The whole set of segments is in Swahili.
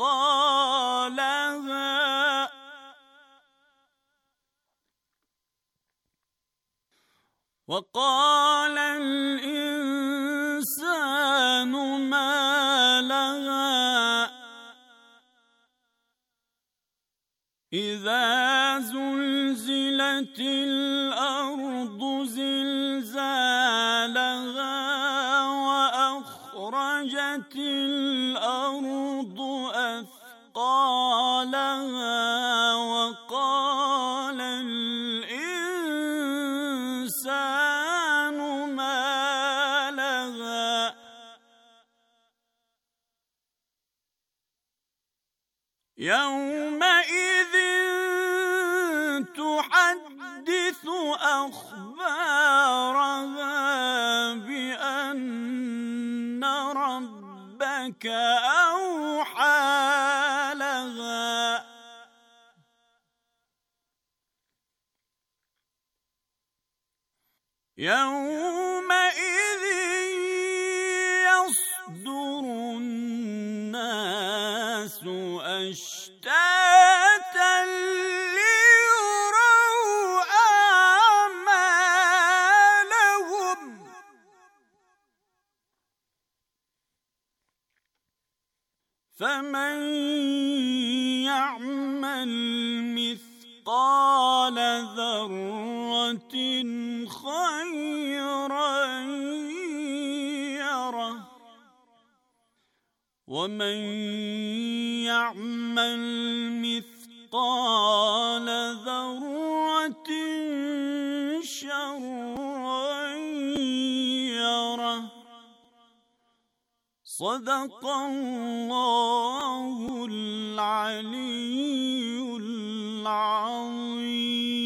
مثقالها وقال الإنسان ما لها إذا زلزلت الأرض زلزالها وأخرجت الأرض قالها وقال الإنسان ما لها يومئذ تحدث أخبارها بأن ربك ومن يعمل مثقال ذرة شرا يره صدق الله العلي العظيم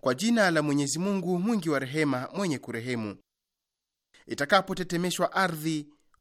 Kwa jina la Mwenyezi Mungu mwingi wa rehema mwenye kurehemu. Itakapotetemeshwa ardhi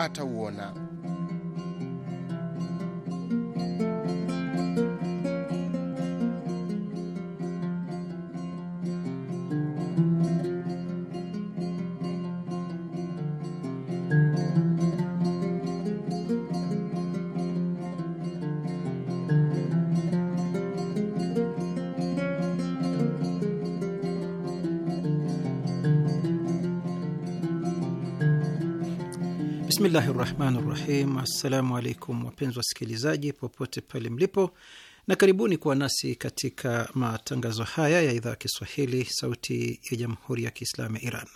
atauona. Bismillahi rahmani rahim. Assalamu alaikum wapenzi wasikilizaji popote pale mlipo, na karibuni kuwa nasi katika matangazo haya ya idhaa ya Kiswahili sauti ya jamhuri ya Kiislamu ya Iran.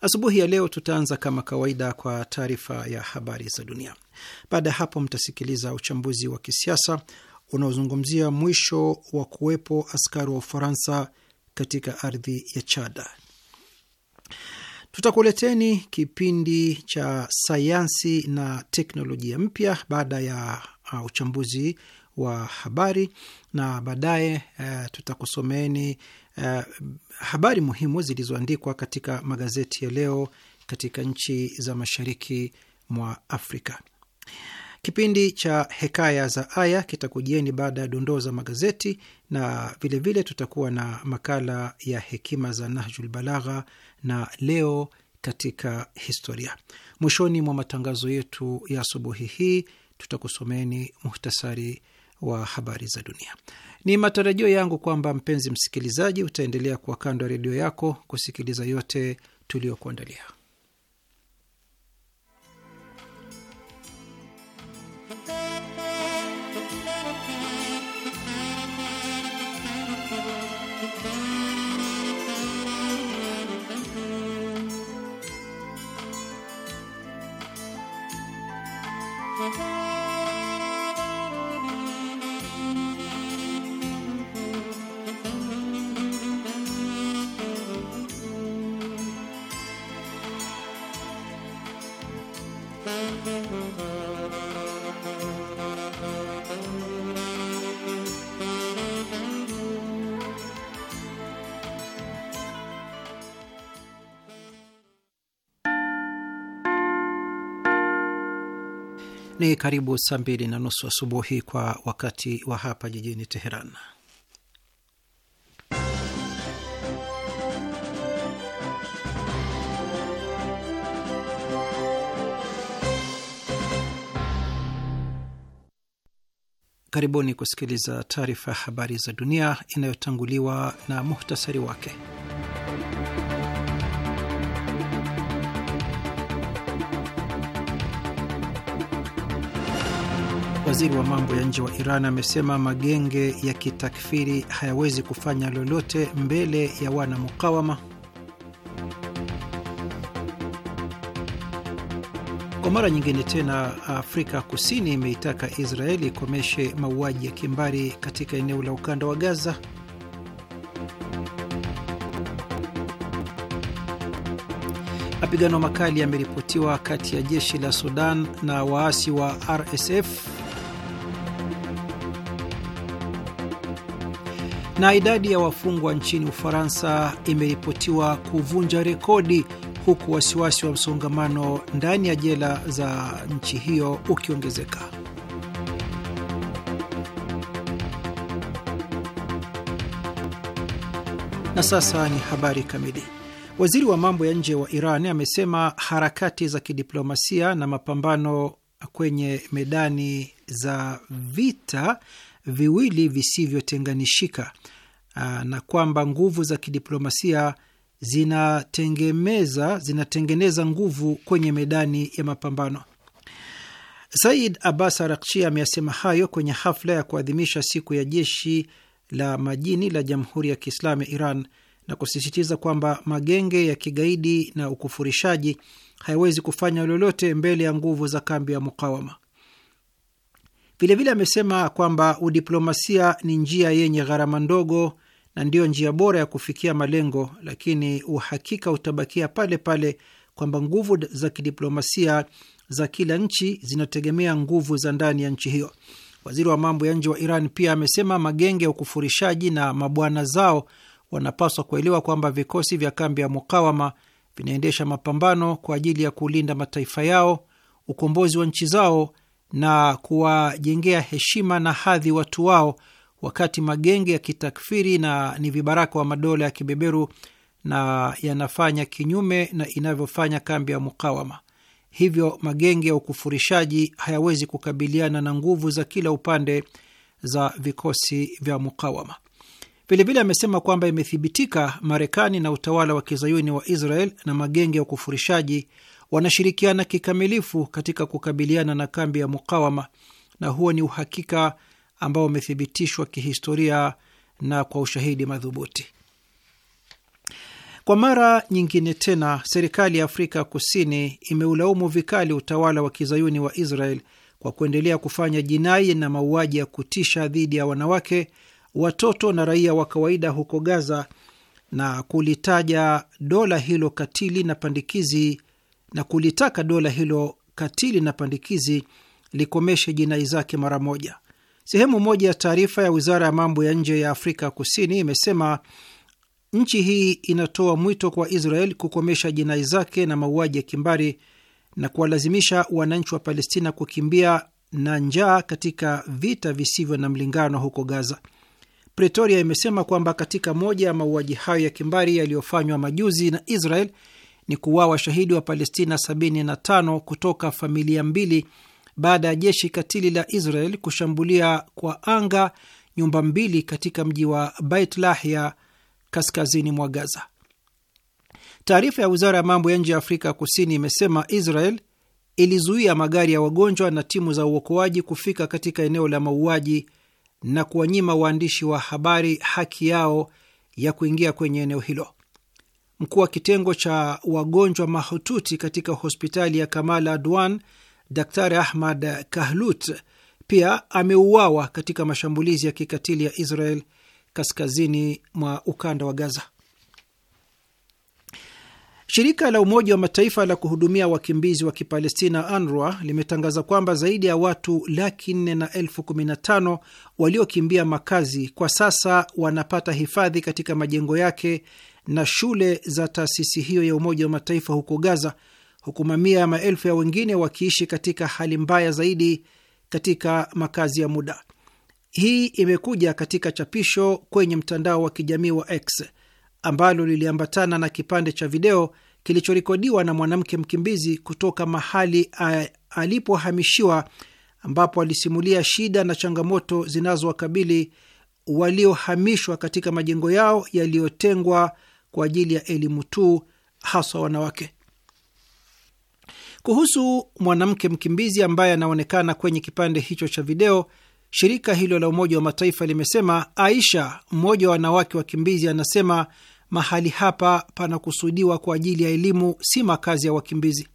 Asubuhi ya leo tutaanza kama kawaida kwa taarifa ya habari za dunia. Baada ya hapo, mtasikiliza uchambuzi wa kisiasa unaozungumzia mwisho wa kuwepo askari wa Ufaransa katika ardhi ya Chada. Tutakuleteni kipindi cha sayansi na teknolojia mpya baada ya uh, uchambuzi wa habari na baadaye uh, tutakusomeeni uh, habari muhimu zilizoandikwa katika magazeti ya leo katika nchi za mashariki mwa Afrika. Kipindi cha Hekaya za Aya kitakujieni baada ya dondoo za magazeti, na vilevile vile tutakuwa na makala ya hekima za Nahjul Balagha na leo katika historia. Mwishoni mwa matangazo yetu ya asubuhi hii tutakusomeni muhtasari wa habari za dunia. Ni matarajio yangu kwamba mpenzi msikilizaji, utaendelea kuwa kando ya redio yako kusikiliza yote tuliyokuandalia. Ni karibu saa mbili na nusu asubuhi kwa wakati wa hapa jijini Teheran. Karibuni kusikiliza taarifa ya habari za dunia inayotanguliwa na muhtasari wake. Waziri wa mambo ya nje wa Iran amesema magenge ya kitakfiri hayawezi kufanya lolote mbele ya wana mukawama. Kwa mara nyingine tena, Afrika Kusini imeitaka Israeli ikomeshe mauaji ya kimbari katika eneo la ukanda wa Gaza. Mapigano makali yameripotiwa kati ya jeshi la Sudan na waasi wa RSF. na idadi ya wafungwa nchini Ufaransa imeripotiwa kuvunja rekodi huku wasiwasi wa msongamano ndani ya jela za nchi hiyo ukiongezeka. Na sasa ni habari kamili. Waziri wa mambo ya nje wa Iran amesema harakati za kidiplomasia na mapambano kwenye medani za vita viwili visivyotenganishika ah, na kwamba nguvu za kidiplomasia zinatengemeza zinatengeneza nguvu kwenye medani ya mapambano. Said Abbas Arakchi ameyasema hayo kwenye hafla ya kuadhimisha siku ya jeshi la majini la Jamhuri ya Kiislamu ya Iran na kusisitiza kwamba magenge ya kigaidi na ukufurishaji hayawezi kufanya lolote mbele ya nguvu za kambi ya mukawama. Vilevile amesema kwamba udiplomasia ni njia yenye gharama ndogo na ndiyo njia bora ya kufikia malengo, lakini uhakika utabakia pale pale kwamba nguvu za kidiplomasia za kila nchi zinategemea nguvu za ndani ya nchi hiyo. Waziri wa mambo ya nje wa Iran pia amesema magenge ya ukufurishaji na mabwana zao wanapaswa kuelewa kwamba vikosi vya kambi ya mukawama vinaendesha mapambano kwa ajili ya kulinda mataifa yao, ukombozi wa nchi zao na kuwajengea heshima na hadhi watu wao, wakati magenge ya kitakfiri na ni vibaraka wa madola ya kibeberu na yanafanya kinyume na inavyofanya kambi ya mukawama. Hivyo magenge ya ukufurishaji hayawezi kukabiliana na nguvu za kila upande za vikosi vya mukawama. Vilevile amesema kwamba imethibitika Marekani na utawala wa kizayuni wa Israel na magenge ya ukufurishaji wanashirikiana kikamilifu katika kukabiliana na kambi ya mukawama, na huo ni uhakika ambao umethibitishwa kihistoria na kwa ushahidi madhubuti. Kwa mara nyingine tena, serikali ya Afrika Kusini imeulaumu vikali utawala wa kizayuni wa Israel kwa kuendelea kufanya jinai na mauaji ya kutisha dhidi ya wanawake, watoto na raia wa kawaida huko Gaza na kulitaja dola hilo katili na pandikizi na kulitaka dola hilo katili na pandikizi likomeshe jinai zake mara moja. Sehemu moja ya taarifa ya wizara ya mambo ya nje ya Afrika Kusini imesema nchi hii inatoa mwito kwa Israel kukomesha jinai zake na mauaji ya kimbari na kuwalazimisha wananchi wa Palestina kukimbia na njaa katika vita visivyo na mlingano huko Gaza. Pretoria imesema kwamba katika moja ya mauaji hayo ya kimbari yaliyofanywa majuzi na Israel ni kuuawa shahidi wa Palestina 75 kutoka familia mbili baada ya jeshi katili la Israel kushambulia kwa anga nyumba mbili katika mji wa Beit Lahya kaskazini mwa Gaza. Taarifa ya wizara ya mambo ya nje ya Afrika Kusini imesema Israel ilizuia magari ya wagonjwa na timu za uokoaji kufika katika eneo la mauaji na kuwanyima waandishi wa habari haki yao ya kuingia kwenye eneo hilo. Mkuu wa kitengo cha wagonjwa mahututi katika hospitali ya Kamal Adwan, Daktari Ahmad Kahlut, pia ameuawa katika mashambulizi ya kikatili ya Israel kaskazini mwa ukanda wa Gaza. Shirika la Umoja wa Mataifa la kuhudumia wakimbizi wa Kipalestina, ANRWA, limetangaza kwamba zaidi ya watu laki nne na elfu kumi na tano waliokimbia makazi kwa sasa wanapata hifadhi katika majengo yake na shule za taasisi hiyo ya Umoja wa Mataifa huko Gaza, huku mamia ya maelfu ya wengine wakiishi katika hali mbaya zaidi katika makazi ya muda. Hii imekuja katika chapisho kwenye mtandao wa kijamii wa X ambalo liliambatana na kipande cha video kilichorekodiwa na mwanamke mkimbizi kutoka mahali alipohamishiwa ambapo alisimulia shida na changamoto zinazowakabili waliohamishwa katika majengo yao yaliyotengwa kwa ajili ya elimu tu, haswa wanawake. Kuhusu mwanamke mkimbizi ambaye anaonekana kwenye kipande hicho cha video, shirika hilo la Umoja wa Mataifa limesema Aisha, mmoja wa wanawake wakimbizi, anasema mahali hapa panakusudiwa kwa ajili ya elimu, si makazi ya wakimbizi.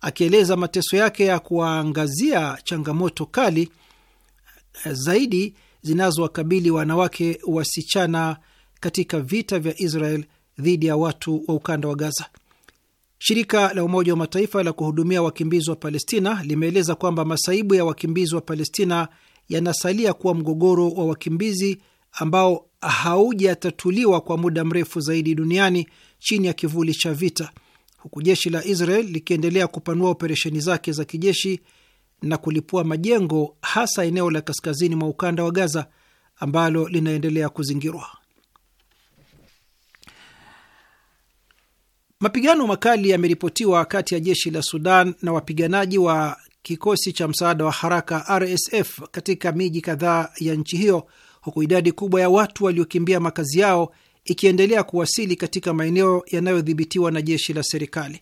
Akieleza mateso yake ya kuwaangazia changamoto kali eh, zaidi zinazowakabili wanawake wasichana katika vita vya Israel dhidi ya watu wa ukanda wa Gaza. Shirika la Umoja wa Mataifa la kuhudumia wakimbizi wa Palestina limeeleza kwamba masaibu ya wakimbizi wa Palestina yanasalia kuwa mgogoro wa wakimbizi ambao haujatatuliwa kwa muda mrefu zaidi duniani chini ya kivuli cha vita, huku jeshi la Israel likiendelea kupanua operesheni zake za kijeshi na kulipua majengo, hasa eneo la kaskazini mwa ukanda wa Gaza ambalo linaendelea kuzingirwa. Mapigano makali yameripotiwa kati ya jeshi la Sudan na wapiganaji wa kikosi cha msaada wa haraka RSF katika miji kadhaa ya nchi hiyo, huku idadi kubwa ya watu waliokimbia makazi yao ikiendelea kuwasili katika maeneo yanayodhibitiwa na jeshi la serikali.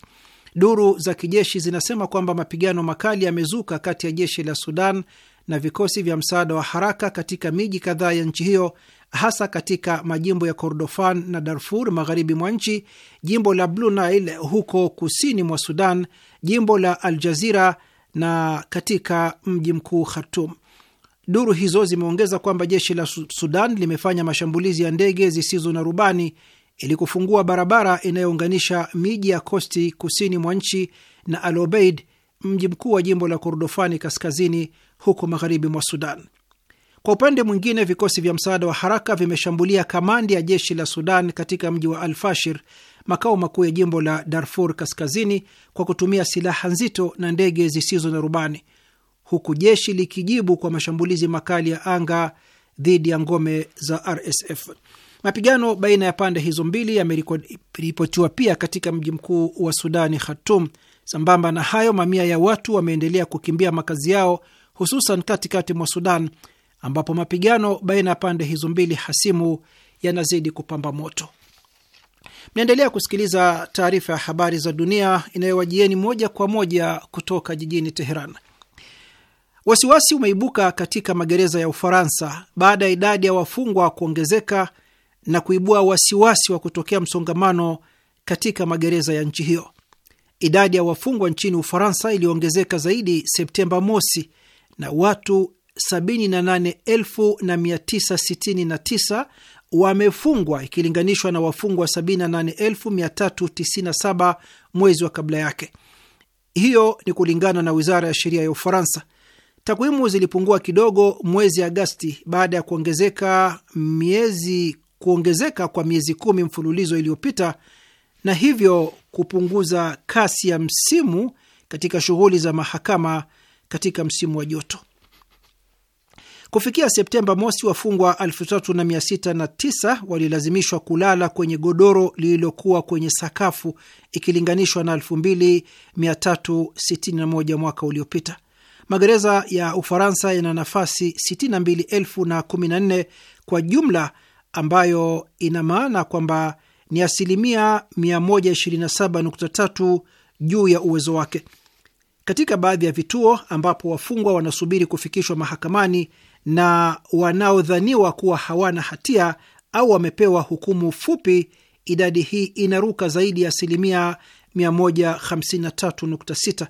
Duru za kijeshi zinasema kwamba mapigano makali yamezuka kati ya jeshi la Sudan na vikosi vya msaada wa haraka katika miji kadhaa ya nchi hiyo hasa katika majimbo ya Kordofan na Darfur magharibi mwa nchi, jimbo la Blue Nile huko kusini mwa Sudan, jimbo la Aljazira na katika mji mkuu Khartum. Duru hizo zimeongeza kwamba jeshi la Sudan limefanya mashambulizi ya ndege zisizo na rubani ili kufungua barabara inayounganisha miji ya Kosti kusini mwa nchi na alobeid mji mkuu wa jimbo la Kordofani kaskazini huko magharibi mwa Sudan. Kwa upande mwingine, vikosi vya msaada wa haraka vimeshambulia kamandi ya jeshi la Sudan katika mji wa Alfashir, makao makuu ya jimbo la Darfur Kaskazini, kwa kutumia silaha nzito na ndege zisizo na rubani, huku jeshi likijibu kwa mashambulizi makali ya anga dhidi ya ngome za RSF. Mapigano baina ya pande hizo mbili yameripotiwa pia katika mji mkuu wa Sudani, Khartoum. Sambamba na hayo, mamia ya watu wameendelea kukimbia makazi yao, hususan katikati mwa Sudan ambapo mapigano baina ya pande hizo mbili hasimu yanazidi kupamba moto. Mnaendelea kusikiliza taarifa ya habari za dunia inayowajieni moja kwa moja kutoka jijini Teheran. Wasiwasi umeibuka katika magereza ya Ufaransa baada ya idadi ya wafungwa kuongezeka na kuibua wasiwasi wa kutokea msongamano katika magereza ya nchi hiyo. Idadi ya wafungwa nchini Ufaransa iliongezeka zaidi Septemba mosi na watu 78969 wamefungwa ikilinganishwa na wafungwa 78397 mwezi wa kabla yake. Hiyo ni kulingana na wizara ya sheria ya Ufaransa. Takwimu zilipungua kidogo mwezi Agasti baada ya kuongezeka miezi kuongezeka kwa miezi kumi mfululizo iliyopita na hivyo kupunguza kasi ya msimu katika shughuli za mahakama katika msimu wa joto. Kufikia Septemba mosi, wafungwa 3609 walilazimishwa kulala kwenye godoro lililokuwa kwenye sakafu ikilinganishwa na 2361 mwaka uliopita. Magereza ya Ufaransa yana nafasi 62,014 kwa jumla, ambayo ina maana kwamba ni asilimia 127.3 juu ya uwezo wake. Katika baadhi ya vituo ambapo wafungwa wanasubiri kufikishwa mahakamani, na wanaodhaniwa kuwa hawana hatia au wamepewa hukumu fupi, idadi hii inaruka zaidi ya asilimia 153.6,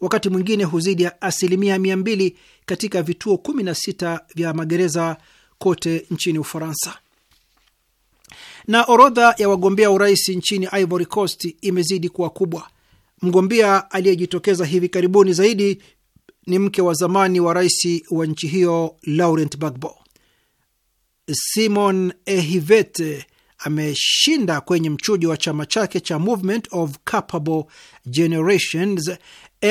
wakati mwingine huzidi asilimia 200 katika vituo 16 vya magereza kote nchini Ufaransa. Na orodha ya wagombea urais nchini Ivory Coast imezidi kuwa kubwa. Mgombea aliyejitokeza hivi karibuni zaidi ni mke wa zamani wa rais wa nchi hiyo Laurent Gbagbo. Simon Ehivete ameshinda kwenye mchujo wa chama chake cha Movement of Capable Generations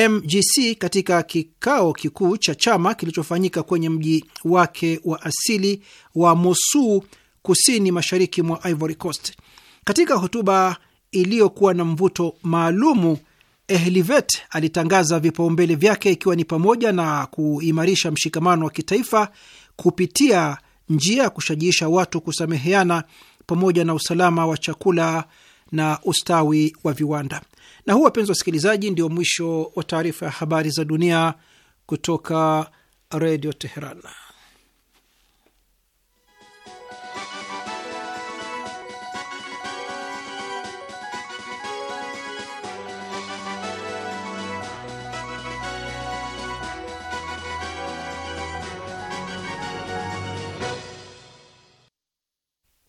MGC katika kikao kikuu cha chama kilichofanyika kwenye mji wake wa asili wa mosu kusini mashariki mwa Ivory Coast. Katika hotuba iliyokuwa na mvuto maalumu Ehlivet alitangaza vipaumbele vyake ikiwa ni pamoja na kuimarisha mshikamano wa kitaifa kupitia njia ya kushajiisha watu kusameheana pamoja na usalama wa chakula na ustawi wa viwanda. Na huu, wapenzi wasikilizaji, ndio mwisho wa taarifa ya habari za dunia kutoka Redio Teheran.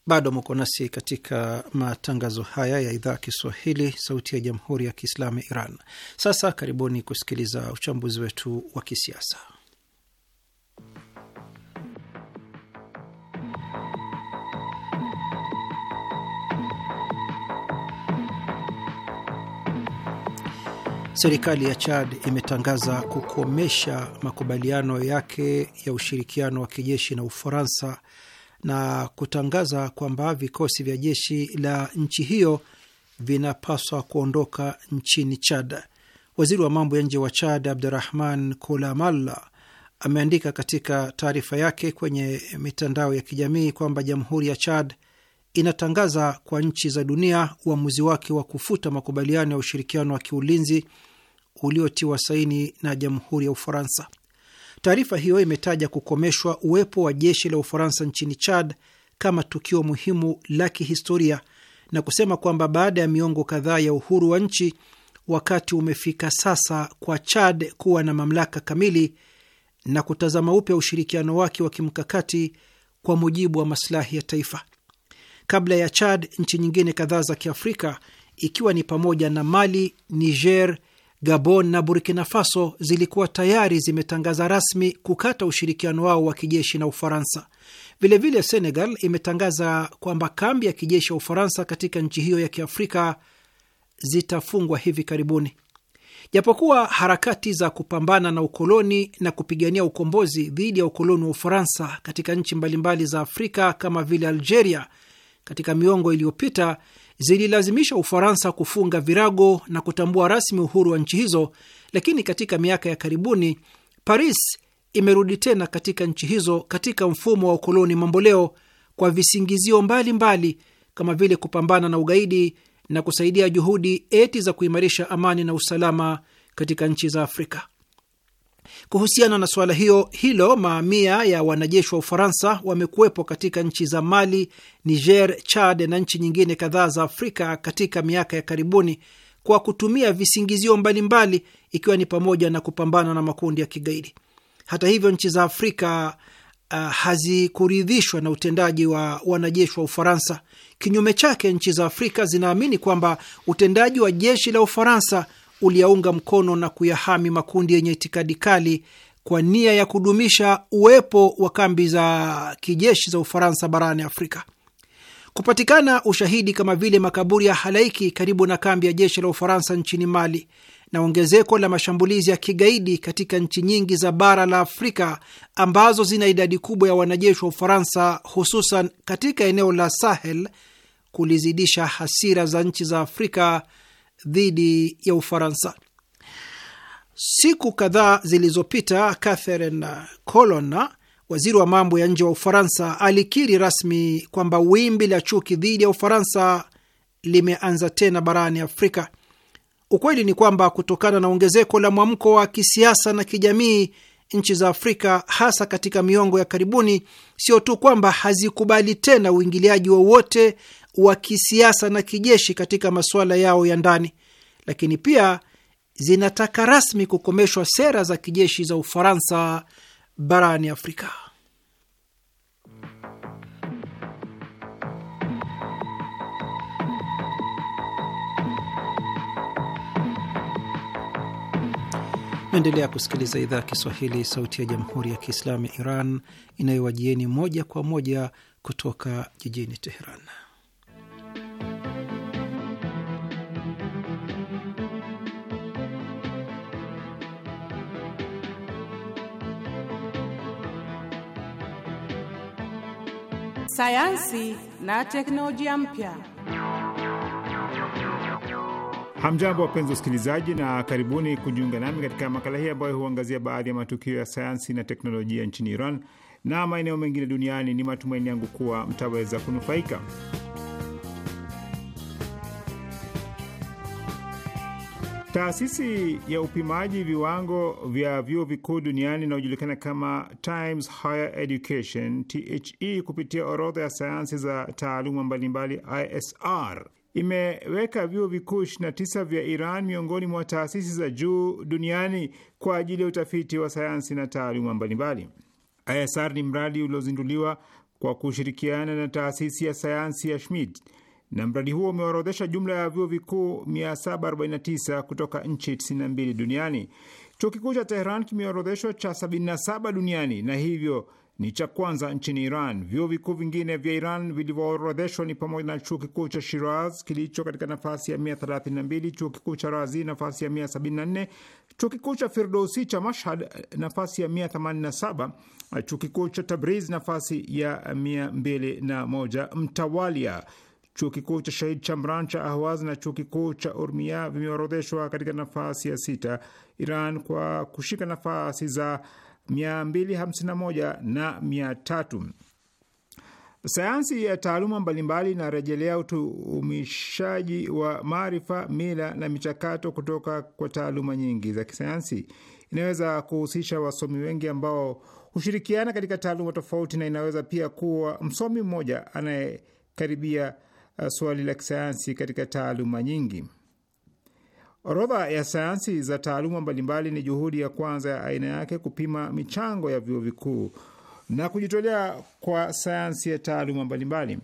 Bado mko nasi katika matangazo haya ya idhaa ya Kiswahili, sauti ya jamhuri ya kiislamu ya Iran. Sasa karibuni kusikiliza uchambuzi wetu wa kisiasa. Serikali ya Chad imetangaza kukomesha makubaliano yake ya ushirikiano wa kijeshi na Ufaransa na kutangaza kwamba vikosi vya jeshi la nchi hiyo vinapaswa kuondoka nchini Chad. Waziri wa mambo ya nje wa Chad, Abdurahman Kulamalla, ameandika katika taarifa yake kwenye mitandao ya kijamii kwamba jamhuri ya Chad inatangaza kwa nchi za dunia uamuzi wake wa kufuta makubaliano ya ushirikiano wa kiulinzi uliotiwa saini na jamhuri ya Ufaransa. Taarifa hiyo imetaja kukomeshwa uwepo wa jeshi la Ufaransa nchini Chad kama tukio muhimu la kihistoria na kusema kwamba baada ya miongo kadhaa ya uhuru wa nchi, wakati umefika sasa kwa Chad kuwa na mamlaka kamili na kutazama upya ushirikiano wake wa kimkakati kwa mujibu wa masilahi ya taifa. Kabla ya Chad, nchi nyingine kadhaa za Kiafrika ikiwa ni pamoja na Mali, Niger, Gabon na Burkina Faso zilikuwa tayari zimetangaza rasmi kukata ushirikiano wao wa kijeshi na Ufaransa. Vilevile, Senegal imetangaza kwamba kambi ya kijeshi ya Ufaransa katika nchi hiyo ya Kiafrika zitafungwa hivi karibuni. Japokuwa harakati za kupambana na ukoloni na kupigania ukombozi dhidi ya ukoloni wa Ufaransa katika nchi mbalimbali za Afrika kama vile Algeria katika miongo iliyopita zililazimisha Ufaransa kufunga virago na kutambua rasmi uhuru wa nchi hizo, lakini katika miaka ya karibuni Paris imerudi tena katika nchi hizo katika mfumo wa ukoloni mamboleo kwa visingizio mbalimbali mbali, kama vile kupambana na ugaidi na kusaidia juhudi eti za kuimarisha amani na usalama katika nchi za Afrika. Kuhusiana na suala hiyo hilo, maamia ya wanajeshi wa Ufaransa wamekuwepo katika nchi za Mali, Niger, Chad na nchi nyingine kadhaa za Afrika katika miaka ya karibuni kwa kutumia visingizio mbalimbali, ikiwa ni pamoja na kupambana na makundi ya kigaidi. Hata hivyo, nchi za Afrika uh, hazikuridhishwa na utendaji wa wanajeshi wa Ufaransa. Kinyume chake, nchi za Afrika zinaamini kwamba utendaji wa jeshi la Ufaransa uliyaunga mkono na kuyahami makundi yenye itikadi kali kwa nia ya kudumisha uwepo wa kambi za kijeshi za Ufaransa barani Afrika. Kupatikana ushahidi kama vile makaburi ya halaiki karibu na kambi ya jeshi la Ufaransa nchini Mali na ongezeko la mashambulizi ya kigaidi katika nchi nyingi za bara la Afrika ambazo zina idadi kubwa ya wanajeshi wa Ufaransa, hususan katika eneo la Sahel, kulizidisha hasira za nchi za Afrika dhidi ya Ufaransa. Siku kadhaa zilizopita, Catherine Colonna, waziri wa mambo ya nje wa Ufaransa, alikiri rasmi kwamba wimbi la chuki dhidi ya Ufaransa limeanza tena barani Afrika. Ukweli ni kwamba kutokana na ongezeko la mwamko wa kisiasa na kijamii, nchi za Afrika hasa katika miongo ya karibuni, sio tu kwamba hazikubali tena uingiliaji wowote wa kisiasa na kijeshi katika masuala yao ya ndani, lakini pia zinataka rasmi kukomeshwa sera za kijeshi za Ufaransa barani Afrika. Naendelea kusikiliza idhaa ya Kiswahili, sauti ya jamhuri ya kiislamu ya Iran inayowajieni moja kwa moja kutoka jijini Teheran. sayansi na teknolojia mpya. Hamjambo, wapenzi wasikilizaji, na karibuni kujiunga nami katika makala hii ambayo huangazia baadhi ya matukio ya sayansi na teknolojia nchini Iran na maeneo mengine duniani. Ni matumaini yangu kuwa mtaweza kunufaika. Taasisi ya upimaji viwango vya vyuo vikuu duniani inayojulikana kama Times Higher Education THE, kupitia orodha ya sayansi za taaluma mbalimbali ISR imeweka vyuo vikuu 29 vya Iran miongoni mwa taasisi za juu duniani kwa ajili ya utafiti wa sayansi na taaluma mbalimbali. ISR ni mradi uliozinduliwa kwa kushirikiana na taasisi ya sayansi ya Schmidt na mradi huo umeorodhesha jumla ya vyuo vikuu 749 kutoka nchi 92 duniani. Chuo kikuu cha Tehran kimeorodheshwa cha 77 duniani na hivyo ni cha kwanza nchini Iran. Vyuo vikuu vingine vya Iran vilivyoorodheshwa ni pamoja na chuo kikuu cha Shiraz kilicho katika nafasi ya 132, chuo kikuu cha Razi nafasi ya 174, chuo kikuu cha Firdousi cha Mashhad nafasi ya 187, chuo kikuu cha Tabriz nafasi ya 201 mtawalia. Chuo kikuu cha Shahid Chamran cha Ahwaz na chuo kikuu cha Urmia vimeorodheshwa katika nafasi ya sita, Iran kwa kushika nafasi za 251 na 300. Sayansi ya taaluma mbalimbali inarejelea utumishaji wa maarifa, mila na michakato kutoka kwa taaluma nyingi za kisayansi. Inaweza kuhusisha wasomi wengi ambao hushirikiana katika taaluma tofauti, na inaweza pia kuwa msomi mmoja anayekaribia Eh, swali la kisayansi katika taaluma nyingi. Orodha ya sayansi za taaluma mbalimbali ni juhudi ya kwanza ya aina yake kupima michango ya vyuo vikuu na kujitolea kwa sayansi ya taaluma mbalimbali.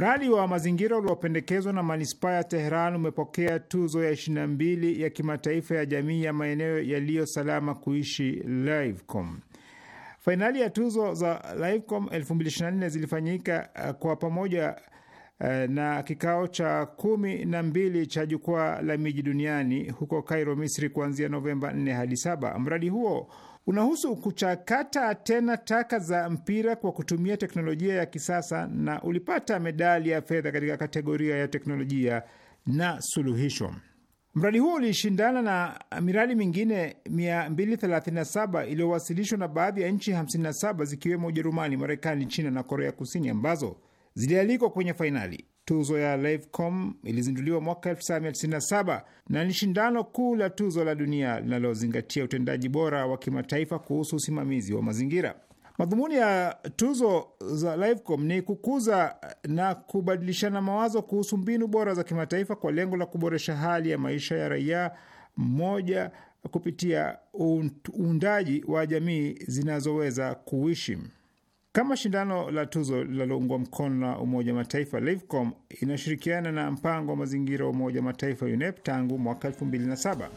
Mradi wa mazingira uliopendekezwa na manispaa ya Teheran umepokea tuzo ya 22 ya kimataifa ya jamii ya maeneo yaliyo salama kuishi Livecom. Fainali ya tuzo za Livecom 2024 zilifanyika eh, kwa pamoja eh, na kikao cha kumi na mbili cha jukwaa la miji duniani huko Cairo, Misri, kuanzia Novemba 4 hadi 7. Mradi huo unahusu kuchakata tena taka za mpira kwa kutumia teknolojia ya kisasa na ulipata medali ya fedha katika kategoria ya teknolojia na suluhisho. Mradi huo ulishindana na miradi mingine 237 iliyowasilishwa na baadhi ya nchi 57 zikiwemo Ujerumani, Marekani, China na Korea Kusini ambazo zilialikwa kwenye fainali. Tuzo ya Livecom ilizinduliwa mwaka 1997 na ni shindano kuu la tuzo la dunia linalozingatia utendaji bora wa kimataifa kuhusu usimamizi wa mazingira. Madhumuni ya tuzo za Livecom ni kukuza na kubadilishana mawazo kuhusu mbinu bora za kimataifa kwa lengo la kuboresha hali ya maisha ya raia mmoja kupitia uundaji wa jamii zinazoweza kuishi. Kama shindano la tuzo linaloungwa mkono na Umoja wa Mataifa, LIVCOM inashirikiana na mpango wa mazingira wa Umoja wa Mataifa, UNEP tangu mwaka 2007.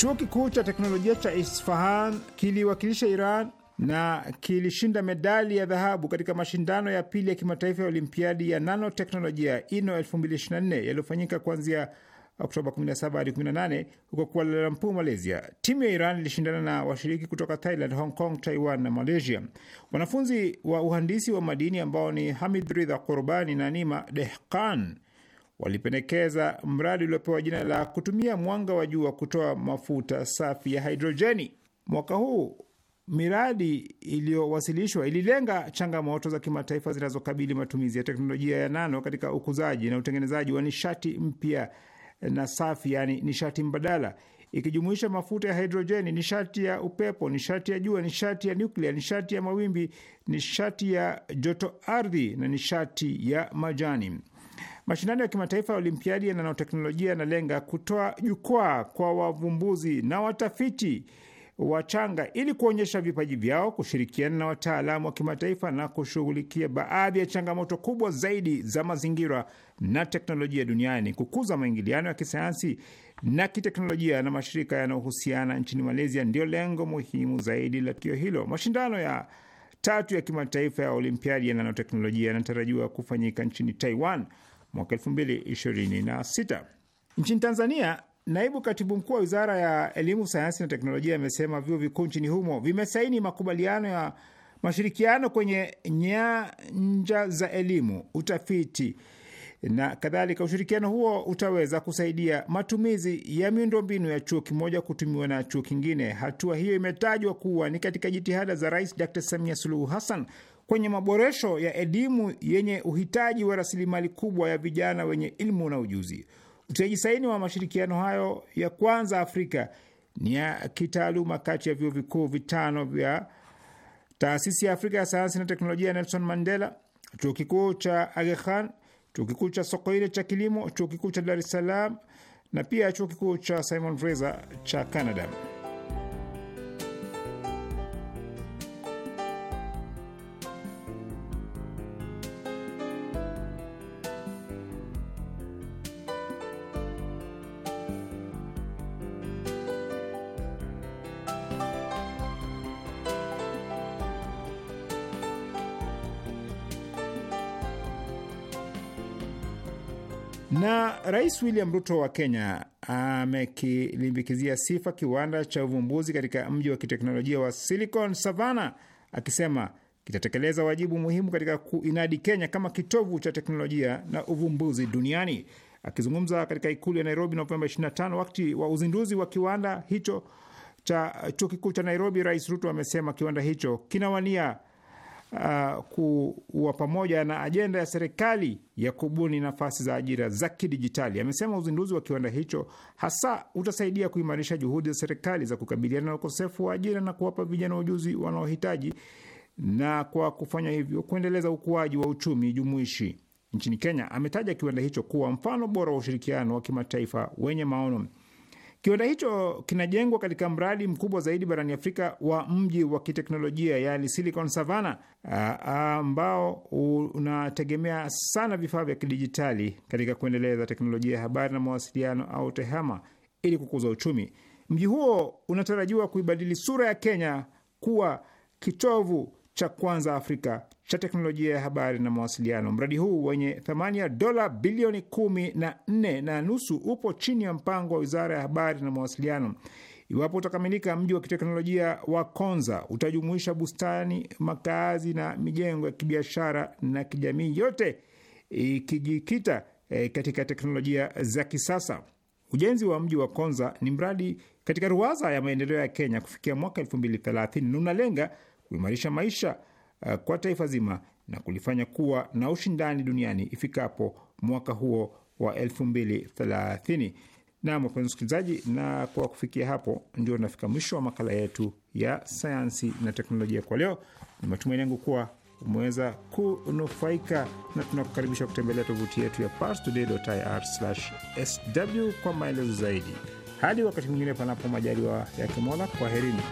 Chuo kikuu cha teknolojia cha Isfahan kiliwakilisha Iran na kilishinda medali ya dhahabu katika mashindano ya pili ya kimataifa ya olimpiadi ya nanoteknolojia INO 2024 yaliyofanyika kuanzia Oktoba 17 hadi 18 huko Kuala Lumpur, Malaysia. Timu ya Iran ilishindana na washiriki kutoka Thailand, Hong Kong, Taiwan na Malaysia. Wanafunzi wa uhandisi wa madini ambao ni Hamid Ridha Qurbani na Nima Dehkan walipendekeza mradi uliopewa jina la kutumia mwanga wa jua kutoa mafuta safi ya hidrojeni. Mwaka huu miradi iliyowasilishwa ililenga changamoto za kimataifa zinazokabili matumizi ya teknolojia ya nano katika ukuzaji na utengenezaji wa nishati mpya na safi, yaani nishati mbadala ikijumuisha mafuta ya hidrojeni, nishati ya upepo, nishati ya jua, nishati ya nuklia nishati ya mawimbi, nishati ya joto ardhi na nishati ya majani. Mashindano ya kimataifa ya olimpiadi ya nanoteknolojia yanalenga kutoa jukwaa kwa wavumbuzi na watafiti wachanga ili kuonyesha vipaji vyao, kushirikiana na wataalamu wa kimataifa na kushughulikia baadhi ya changamoto kubwa zaidi za mazingira na teknolojia duniani. Kukuza maingiliano ya kisayansi na kiteknolojia na mashirika yanayohusiana nchini Malaysia ndio lengo muhimu zaidi la tukio hilo. Mashindano ya tatu ya kimataifa ya olimpiadi ya nanoteknolojia yanatarajiwa kufanyika nchini Taiwan mwaka 2026. Nchini Tanzania, naibu katibu mkuu wa wizara ya elimu, sayansi na teknolojia amesema vyuo vikuu nchini humo vimesaini makubaliano ya mashirikiano kwenye nyanja za elimu, utafiti na kadhalika. Ushirikiano huo utaweza kusaidia matumizi ya miundombinu ya chuo kimoja kutumiwa na chuo kingine. Hatua hiyo imetajwa kuwa ni katika jitihada za Rais Dr Samia Suluhu Hassan kwenye maboresho ya elimu yenye uhitaji wa rasilimali kubwa ya vijana wenye ilmu na ujuzi. Utiaji saini wa mashirikiano hayo ya kwanza Afrika ni ya kitaaluma kati ya vyuo vikuu vitano vya taasisi ya Afrika ya sayansi na teknolojia Nelson Mandela, chuo kikuu cha Aga Khan, chuo kikuu cha Sokoine cha kilimo, chuo kikuu cha Dar es Salaam na pia chuo kikuu cha Simon Fraser cha Canada. Na Rais William Ruto wa Kenya amekilimbikizia sifa kiwanda cha uvumbuzi katika mji wa kiteknolojia wa Silicon savana akisema kitatekeleza wajibu muhimu katika kuinadi Kenya kama kitovu cha teknolojia na uvumbuzi duniani. Akizungumza katika ikulu ya Nairobi Novemba 25 wakati wa uzinduzi wa kiwanda hicho cha chuo kikuu cha Nairobi, Rais Ruto amesema kiwanda hicho kinawania uh, kuwa pamoja na ajenda ya serikali ya kubuni nafasi za ajira za kidijitali. Amesema uzinduzi wa kiwanda hicho hasa utasaidia kuimarisha juhudi za serikali za kukabiliana na ukosefu wa ajira na kuwapa vijana ujuzi wanaohitaji na kwa kufanya hivyo kuendeleza ukuaji wa uchumi jumuishi nchini Kenya. Ametaja kiwanda hicho kuwa mfano bora wa ushirikiano wa kimataifa wenye maono Kiwanda hicho kinajengwa katika mradi mkubwa zaidi barani Afrika wa mji wa kiteknolojia yani Silicon savana ambao unategemea sana vifaa vya kidijitali katika kuendeleza teknolojia ya habari na mawasiliano au TEHAMA ili kukuza uchumi. Mji huo unatarajiwa kuibadili sura ya Kenya kuwa kitovu cha kwanza Afrika cha teknolojia ya habari na mawasiliano. Mradi huu wenye thamani ya dola bilioni kumi na nne na nusu upo chini ya mpango wa wizara ya habari na mawasiliano. Iwapo utakamilika, mji wa kiteknolojia wa Konza utajumuisha bustani, makazi na mijengo ya kibiashara na kijamii, yote ikijikita e, katika teknolojia za kisasa. Ujenzi wa mji wa Konza ni mradi katika ruwaza ya maendeleo ya Kenya kufikia mwaka elfu mbili thelathini na unalenga kuimarisha maisha uh, kwa taifa zima na kulifanya kuwa na ushindani duniani ifikapo mwaka huo wa 2030. Na wapenzi wasikilizaji, na kwa kufikia hapo ndio tunafika mwisho wa makala yetu ya sayansi na teknolojia kwa leo. Ni matumaini yangu kuwa umeweza kunufaika na tunakukaribisha kutembelea tovuti yetu ya parstoday.ir/sw kwa maelezo zaidi. Hadi wakati mwingine, panapo majaliwa yake Mola, kwaherini.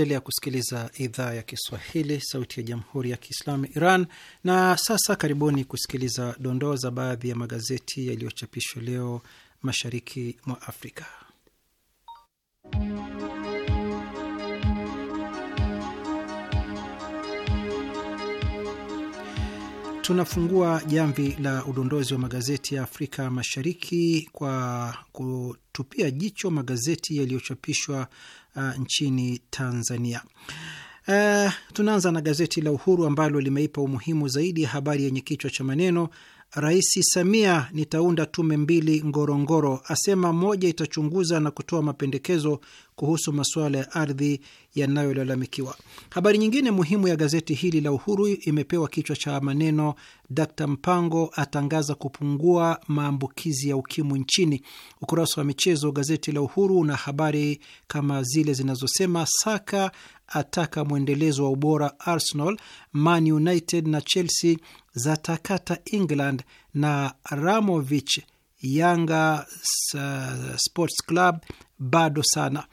Unaendelea kusikiliza idhaa ya Kiswahili, sauti ya jamhuri ya kiislamu Iran. Na sasa karibuni kusikiliza dondoo za baadhi ya magazeti yaliyochapishwa leo mashariki mwa Afrika. Tunafungua jamvi la udondozi wa magazeti ya Afrika Mashariki kwa kutupia jicho magazeti yaliyochapishwa uh, nchini Tanzania. Uh, tunaanza na gazeti la Uhuru ambalo limeipa umuhimu zaidi habari yenye kichwa cha maneno Rais Samia, nitaunda tume mbili Ngorongoro, asema moja itachunguza na kutoa mapendekezo kuhusu masuala ya ardhi yanayolalamikiwa. Habari nyingine muhimu ya gazeti hili la Uhuru imepewa kichwa cha maneno, Dkt Mpango atangaza kupungua maambukizi ya ukimwi nchini. Ukurasa wa michezo, gazeti la Uhuru una habari kama zile zinazosema Saka ataka mwendelezo wa ubora Arsenal, Man United na Chelsea zatakata England na Ramovich Yanga Sports Club bado sana.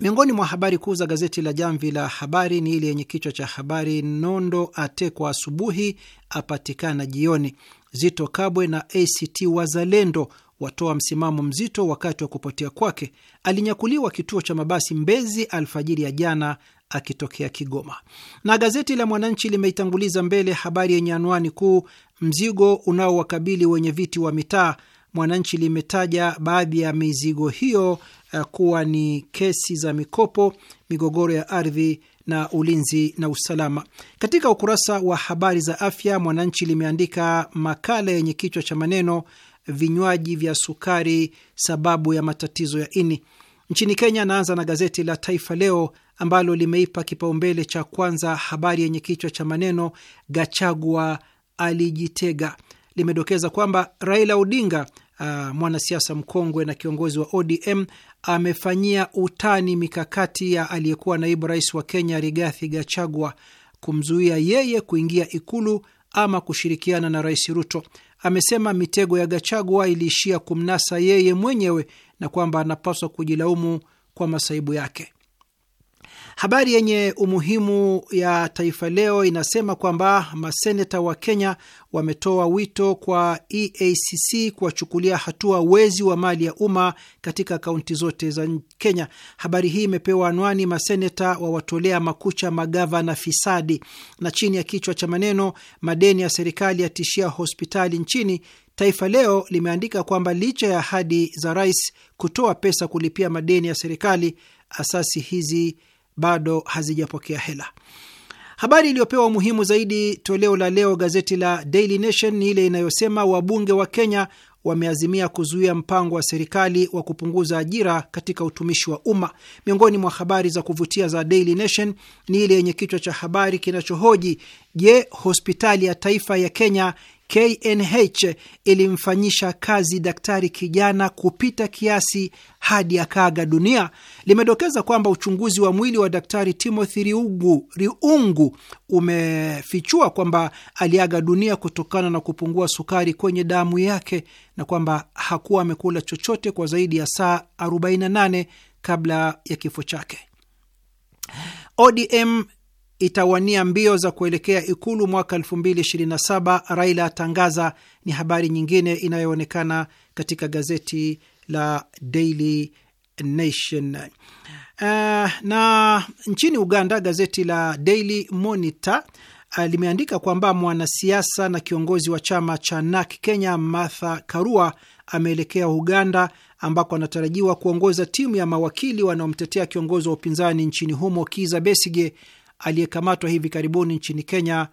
Miongoni mwa habari kuu za gazeti la Jamvi la Habari ni ile yenye kichwa cha habari, nondo atekwa asubuhi, apatikana jioni. Zito Kabwe na ACT Wazalendo watoa msimamo mzito wakati wa kupotea kwake. Alinyakuliwa kituo cha mabasi Mbezi alfajiri ya jana akitokea Kigoma. Na gazeti la Mwananchi limeitanguliza mbele habari yenye anwani kuu, mzigo unaowakabili wenye viti wa mitaa Mwananchi limetaja baadhi ya mizigo hiyo eh, kuwa ni kesi za mikopo, migogoro ya ardhi na ulinzi na usalama. Katika ukurasa wa habari za afya, Mwananchi limeandika makala yenye kichwa cha maneno vinywaji vya sukari, sababu ya matatizo ya ini nchini Kenya. Naanza na gazeti la Taifa Leo ambalo limeipa kipaumbele cha kwanza habari yenye kichwa cha maneno Gachagua alijitega limedokeza kwamba Raila Odinga Uh, mwanasiasa mkongwe na kiongozi wa ODM amefanyia utani mikakati ya aliyekuwa naibu rais wa Kenya Rigathi Gachagua kumzuia yeye kuingia ikulu ama kushirikiana na Rais Ruto. Amesema mitego ya Gachagua iliishia kumnasa yeye mwenyewe na kwamba anapaswa kujilaumu kwa masaibu yake. Habari yenye umuhimu ya Taifa Leo inasema kwamba maseneta wa Kenya wametoa wito kwa EACC kuwachukulia hatua wezi wa mali ya umma katika kaunti zote za Kenya. Habari hii imepewa anwani maseneta wawatolea makucha magavana fisadi, na chini ya kichwa cha maneno madeni ya serikali yatishia hospitali nchini, Taifa Leo limeandika kwamba licha ya ahadi za rais kutoa pesa kulipia madeni ya serikali, asasi hizi bado hazijapokea hela. Habari iliyopewa umuhimu zaidi toleo la leo gazeti la Daily Nation ni ile inayosema wabunge wa Kenya wameazimia kuzuia mpango wa serikali wa kupunguza ajira katika utumishi wa umma. Miongoni mwa habari za kuvutia za Daily Nation ni ile yenye kichwa cha habari kinachohoji, je, hospitali ya taifa ya Kenya KNH ilimfanyisha kazi daktari kijana kupita kiasi hadi akaaga dunia, limedokeza kwamba uchunguzi wa mwili wa daktari Timothy Riungu, Riungu umefichua kwamba aliaga dunia kutokana na kupungua sukari kwenye damu yake na kwamba hakuwa amekula chochote kwa zaidi ya saa 48 kabla ya kifo chake. ODM itawania mbio za kuelekea Ikulu mwaka 2027, Raila atangaza, ni habari nyingine inayoonekana katika gazeti la Daily Nation. Uh, na nchini Uganda gazeti la Daily Monitor uh, limeandika kwamba mwanasiasa na kiongozi wa chama cha NAK Kenya Martha Karua ameelekea Uganda ambako anatarajiwa kuongoza timu ya mawakili wanaomtetea kiongozi wa upinzani nchini humo Kiza Besige aliyekamatwa hivi karibuni nchini Kenya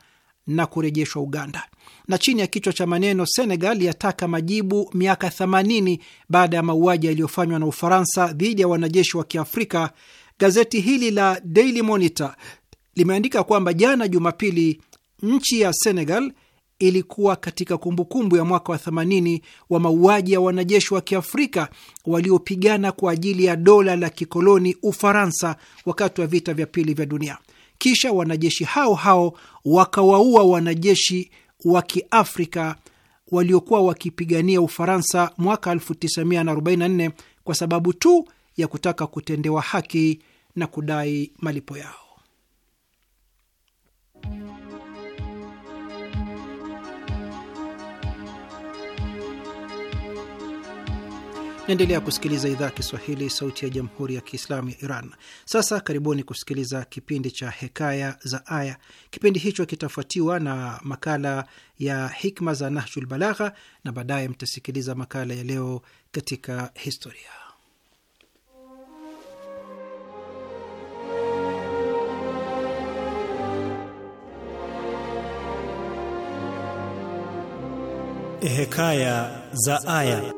na kurejeshwa Uganda, na chini ya kichwa cha maneno Senegal yataka majibu miaka 80 baada ya mauaji yaliyofanywa na Ufaransa dhidi ya wanajeshi wa Kiafrika, gazeti hili la Daily Monitor limeandika kwamba jana Jumapili nchi ya Senegal ilikuwa katika kumbukumbu ya mwaka wa 80 wa mauaji ya wanajeshi wa Kiafrika waliopigana kwa ajili ya dola la kikoloni Ufaransa wakati wa vita vya pili vya dunia kisha wanajeshi hao hao wakawaua wanajeshi wa Kiafrika waliokuwa wakipigania Ufaransa mwaka 1944 kwa sababu tu ya kutaka kutendewa haki na kudai malipo yao. Naendelea kusikiliza idhaa ya Kiswahili, sauti ya jamhuri ya kiislamu ya Iran. Sasa karibuni kusikiliza kipindi cha Hekaya za Aya. Kipindi hicho kitafuatiwa na makala ya Hikma za Nahjul Balagha, na baadaye mtasikiliza makala ya Leo katika Historia. Hekaya za Aya.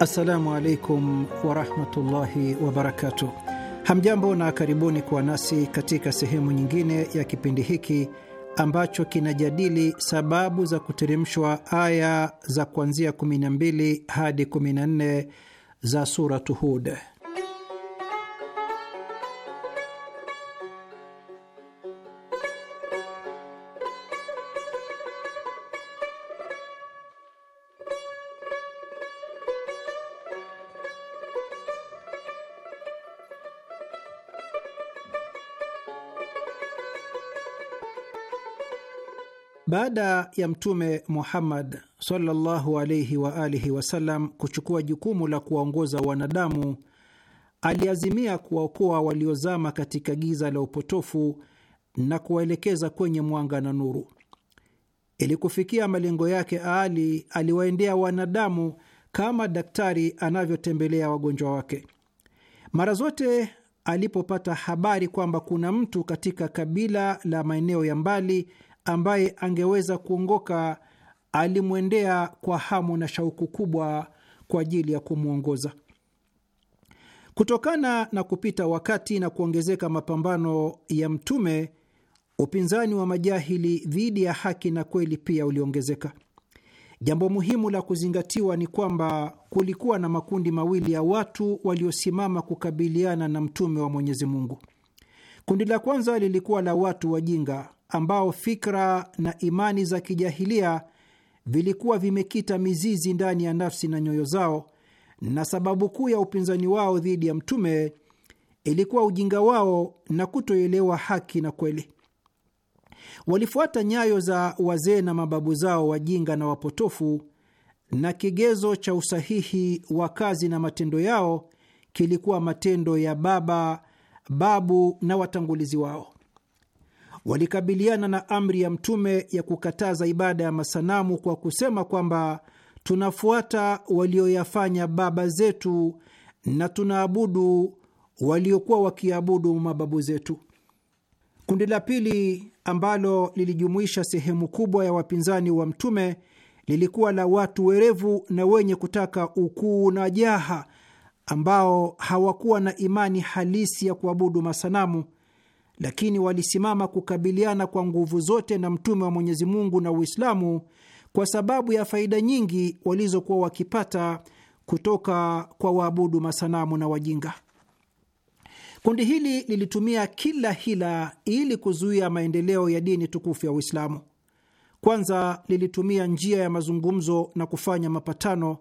Assalamu alaikum warahmatullahi wabarakatuh. Hamjambo na karibuni kuwa nasi katika sehemu nyingine ya kipindi hiki ambacho kinajadili sababu za kuteremshwa aya za kuanzia 12 hadi 14 za Suratu Hud. Baada ya Mtume Muhammad sallallahu alaihi wa alihi wasallam kuchukua jukumu la kuwaongoza wanadamu, aliazimia kuwaokoa waliozama katika giza la upotofu na kuwaelekeza kwenye mwanga na nuru. Ili kufikia malengo yake, Ali aliwaendea wanadamu kama daktari anavyotembelea wagonjwa wake. Mara zote alipopata habari kwamba kuna mtu katika kabila la maeneo ya mbali ambaye angeweza kuongoka alimwendea kwa hamu na shauku kubwa kwa ajili ya kumwongoza. Kutokana na kupita wakati na kuongezeka mapambano ya Mtume, upinzani wa majahili dhidi ya haki na kweli pia uliongezeka. Jambo muhimu la kuzingatiwa ni kwamba kulikuwa na makundi mawili ya watu waliosimama kukabiliana na mtume wa Mwenyezi Mungu. Kundi la kwanza lilikuwa la watu wajinga ambao fikra na imani za kijahilia vilikuwa vimekita mizizi ndani ya nafsi na nyoyo zao, na sababu kuu ya upinzani wao dhidi ya mtume ilikuwa ujinga wao na kutoelewa haki na kweli. Walifuata nyayo za wazee na mababu zao wajinga na wapotofu, na kigezo cha usahihi wa kazi na matendo yao kilikuwa matendo ya baba, babu na watangulizi wao walikabiliana na amri ya Mtume ya kukataza ibada ya masanamu kwa kusema kwamba tunafuata walioyafanya baba zetu na tunaabudu waliokuwa wakiabudu mababu zetu. Kundi la pili ambalo lilijumuisha sehemu kubwa ya wapinzani wa Mtume lilikuwa la watu werevu na wenye kutaka ukuu na jaha ambao hawakuwa na imani halisi ya kuabudu masanamu lakini walisimama kukabiliana kwa nguvu zote na mtume wa Mwenyezi Mungu na Uislamu kwa sababu ya faida nyingi walizokuwa wakipata kutoka kwa waabudu masanamu na wajinga. Kundi hili lilitumia kila hila ili kuzuia maendeleo ya dini tukufu ya Uislamu. Kwanza lilitumia njia ya mazungumzo na kufanya mapatano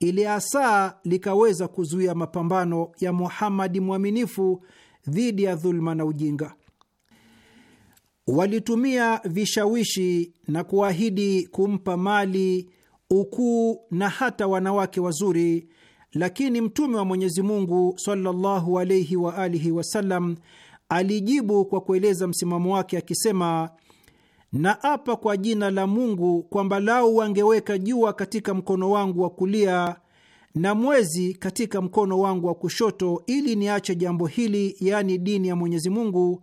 ili hasa likaweza kuzuia mapambano ya Muhammadi mwaminifu dhidi ya dhuluma na ujinga. Walitumia vishawishi na kuahidi kumpa mali, ukuu na hata wanawake wazuri, lakini Mtume wa Mwenyezi Mungu sallallahu alaihi wa alihi wasallam alijibu kwa kueleza msimamo wake akisema: na apa kwa jina la Mungu kwamba lau wangeweka jua katika mkono wangu wa kulia na mwezi katika mkono wangu wa kushoto, ili niache jambo hili, yaani dini ya Mwenyezi Mungu.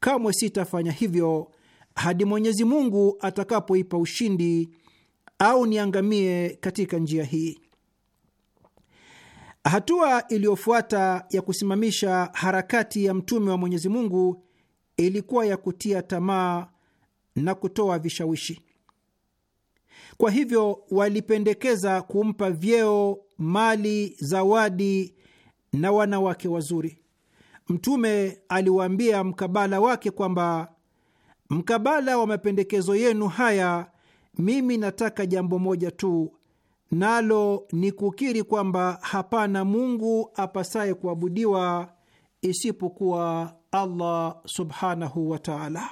Kamwe sitafanya hivyo hadi Mwenyezi Mungu atakapoipa ushindi au niangamie katika njia hii. Hatua iliyofuata ya kusimamisha harakati ya mtume wa Mwenyezi Mungu ilikuwa ya kutia tamaa na kutoa vishawishi. Kwa hivyo walipendekeza kumpa vyeo mali, zawadi na wanawake wazuri. Mtume aliwaambia mkabala wake kwamba mkabala wa mapendekezo yenu haya, mimi nataka jambo moja tu, nalo ni kukiri kwamba hapana Mungu apasaye kuabudiwa isipokuwa Allah subhanahu wa taala.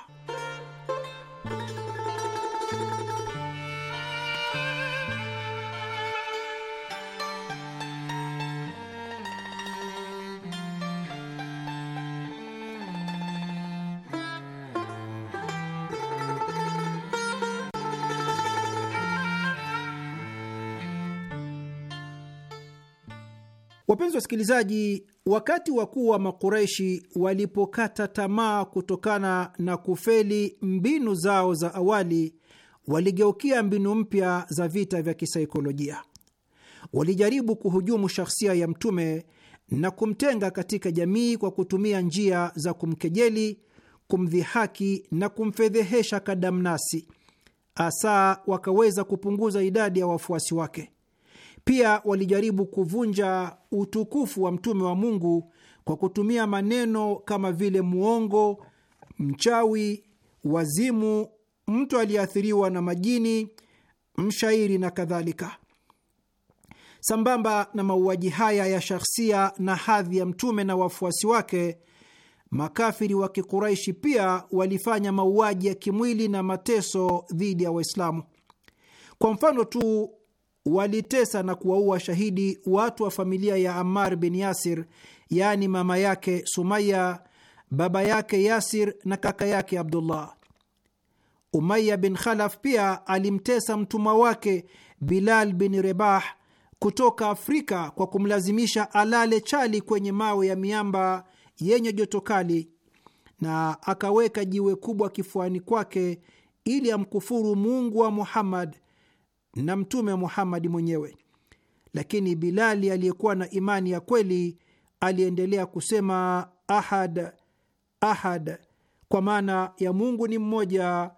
Wapenzi wasikilizaji, wakati wakuu wa makuraishi walipokata tamaa kutokana na kufeli mbinu zao za awali, waligeukia mbinu mpya za vita vya kisaikolojia. Walijaribu kuhujumu shahsia ya Mtume na kumtenga katika jamii kwa kutumia njia za kumkejeli, kumdhihaki na kumfedhehesha kadamnasi, hasa wakaweza kupunguza idadi ya wafuasi wake. Pia walijaribu kuvunja utukufu wa mtume wa Mungu kwa kutumia maneno kama vile mwongo mchawi, wazimu, mtu aliyeathiriwa na majini, mshairi na kadhalika. Sambamba na mauaji haya ya shahsia na hadhi ya mtume na wafuasi wake, makafiri wa Kikuraishi pia walifanya mauaji ya kimwili na mateso dhidi ya Waislamu. Kwa mfano tu walitesa na kuwaua shahidi watu wa familia ya Ammar bin Yasir, yaani mama yake Sumaya, baba yake Yasir na kaka yake Abdullah. Umaya bin Khalaf pia alimtesa mtumwa wake Bilal bin Rebah kutoka Afrika kwa kumlazimisha alale chali kwenye mawe ya miamba yenye joto kali na akaweka jiwe kubwa kifuani kwake ili amkufuru Mungu wa Muhammad na Mtume Muhammadi mwenyewe. Lakini Bilali aliyekuwa na imani ya kweli aliendelea kusema ahad, ahad, kwa maana ya Mungu ni mmoja,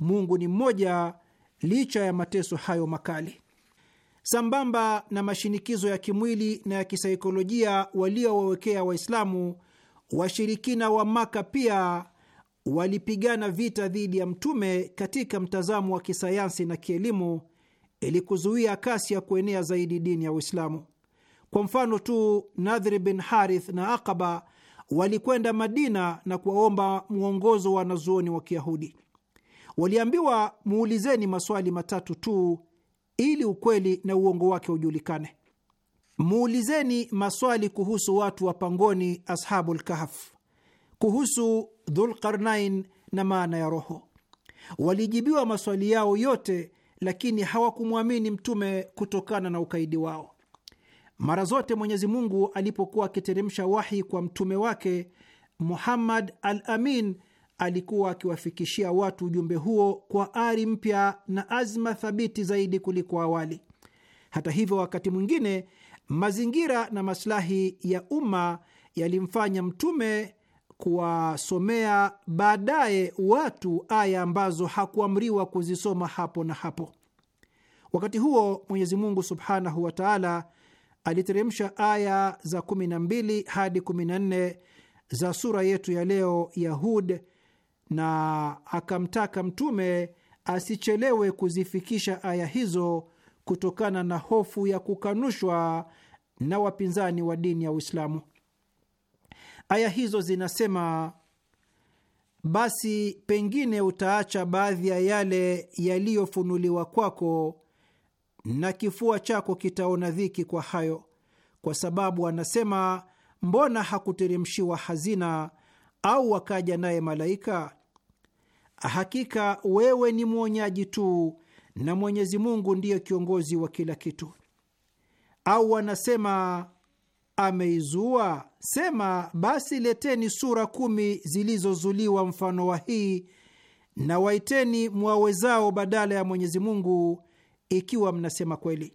Mungu ni mmoja, licha ya mateso hayo makali, sambamba na mashinikizo ya kimwili na ya kisaikolojia waliowawekea Waislamu. Washirikina wa Maka pia walipigana vita dhidi ya mtume katika mtazamo wa kisayansi na kielimu ili kuzuia kasi ya kuenea zaidi dini ya Uislamu. Kwa mfano tu, Nadhri bin Harith na aqaba walikwenda Madina na kuwaomba mwongozo wa wanazuoni wa Kiyahudi. Waliambiwa, muulizeni maswali matatu tu ili ukweli na uongo wake ujulikane. Muulizeni maswali kuhusu watu wa pangoni, ashabu lkahf, kuhusu Dhulqarnain na maana ya roho. Walijibiwa maswali yao yote lakini hawakumwamini mtume kutokana na ukaidi wao. Mara zote Mwenyezi Mungu alipokuwa akiteremsha wahi kwa mtume wake Muhammad al-Amin alikuwa akiwafikishia watu ujumbe huo kwa ari mpya na azma thabiti zaidi kuliko awali. Hata hivyo, wakati mwingine mazingira na maslahi ya umma yalimfanya mtume kuwasomea baadaye watu aya ambazo hakuamriwa kuzisoma hapo na hapo. Wakati huo Mwenyezi Mungu subhanahu wa taala aliteremsha aya za 12 hadi 14 za sura yetu ya leo ya Hud, na akamtaka mtume asichelewe kuzifikisha aya hizo kutokana na hofu ya kukanushwa na wapinzani wa dini ya Uislamu. Aya hizo zinasema: basi pengine utaacha baadhi ya yale yaliyofunuliwa kwako na kifua chako kitaona dhiki kwa hayo, kwa sababu anasema, mbona hakuteremshiwa hazina au wakaja naye malaika? Hakika wewe ni mwonyaji tu, na Mwenyezi Mungu ndiye kiongozi wa kila kitu. Au wanasema ameizua? Sema basi, leteni sura kumi zilizozuliwa mfano wa hii, na waiteni mwawezao badala ya Mwenyezi Mungu, ikiwa mnasema kweli.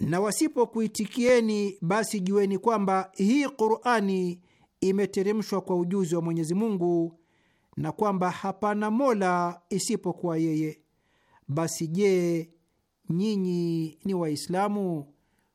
Na wasipokuitikieni, basi jueni kwamba hii Qur'ani imeteremshwa kwa ujuzi wa Mwenyezi Mungu na kwamba hapana mola isipokuwa yeye. Basi je, nyinyi ni Waislamu?